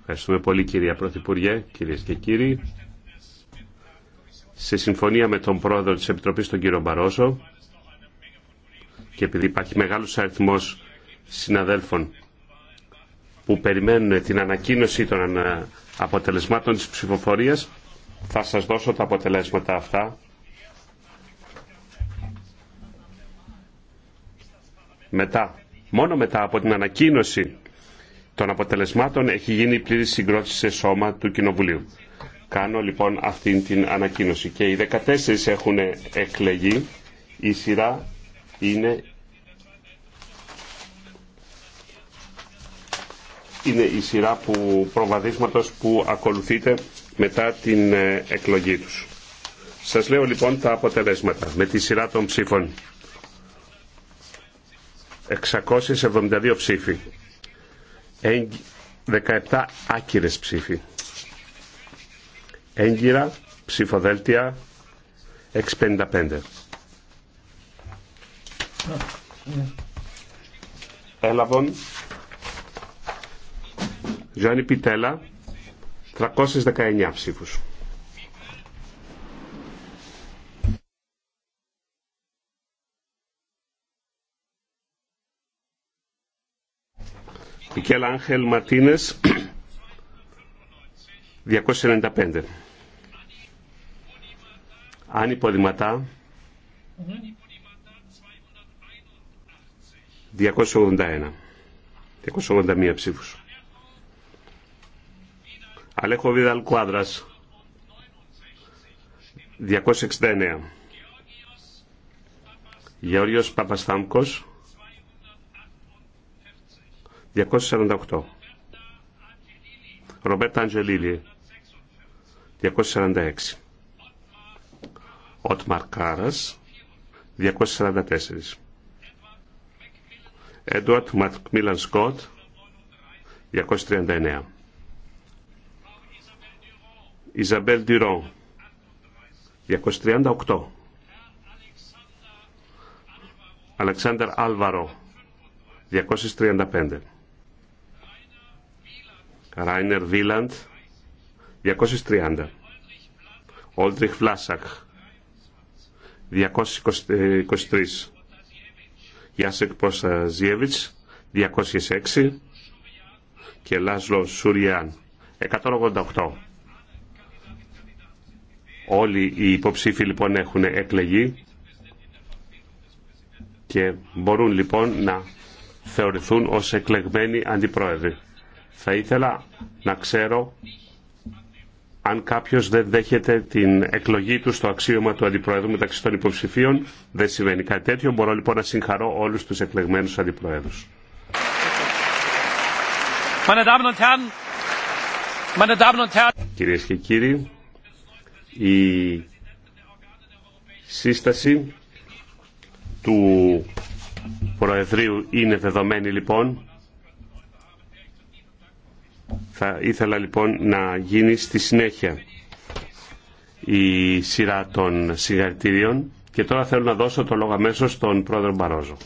Ευχαριστούμε πολύ κυρία Πρωθυπουργέ, κυρίες και κύριοι. Σε συμφωνία με τον πρόεδρο της Επιτροπής, τον κύριο Μπαρόζο, και επειδή υπάρχει μεγάλος αριθμός συναδέλφων που περιμένουν την ανακοίνωση των αποτελεσμάτων της ψηφοφορίας, θα σας δώσω τα αποτελέσματα αυτά. Μετά, μόνο μετά από την ανακοίνωση των αποτελεσμάτων έχει γίνει η πλήρη συγκρότηση σε σώμα του Κοινοβουλίου. Κάνω λοιπόν αυτή την ανακοίνωση. Και οι 14 έχουν εκλεγεί. Η σειρά είναι, είναι η σειρά που, προβαδίσματος που ακολουθείται μετά την ε, εκλογή τους. Σας λέω λοιπόν τα αποτελέσματα με τη σειρά των ψήφων. 672 ψήφοι. 17 άκυρες ψήφοι. Έγκυρα ψηφοδέλτια 655. Έλαβον Γιάννη Πιτέλα 319 ψήφους. Μικέλ Άγχελ Μαρτίνες 295 Άννη Ποδηματά 281 281 ψήφους Αλέχο Βίδαλ Κουάδρας 269 Γεώργιος Παπαστάμκος 248. Ρομπέρτα Αντζελίλη. 246. Ότμαρ Κάρας. 244. Έντουαρτ Μακμίλαν Σκότ. 239. Ιζαμπέλ Ντυρό, 238. Αλεξάνδρ Άλβαρο. 235. Ράινερ Βίλαντ 230 Όλτριχ Φλάσακ 223 Γιάσεκ Ποσαζιέβιτς 206 και Λάσλο Σουριάν 188 Όλοι οι υποψήφοι λοιπόν έχουν εκλεγεί και μπορούν λοιπόν να θεωρηθούν ως εκλεγμένοι αντιπρόεδροι. Θα ήθελα να ξέρω αν κάποιος δεν δέχεται την εκλογή του στο αξίωμα του Αντιπροέδρου μεταξύ των υποψηφίων, δεν συμβαίνει κάτι τέτοιο. Μπορώ λοιπόν να συγχαρώ όλους τους εκλεγμένους Αντιπροέδρους. Κυρίες και κύριοι, η σύσταση του Προεδρείου είναι δεδομένη λοιπόν. Θα ήθελα λοιπόν να γίνει στη συνέχεια η σειρά των συγχαρητήριων και τώρα θέλω να δώσω το λόγο αμέσως στον πρόεδρο Μπαρόζο.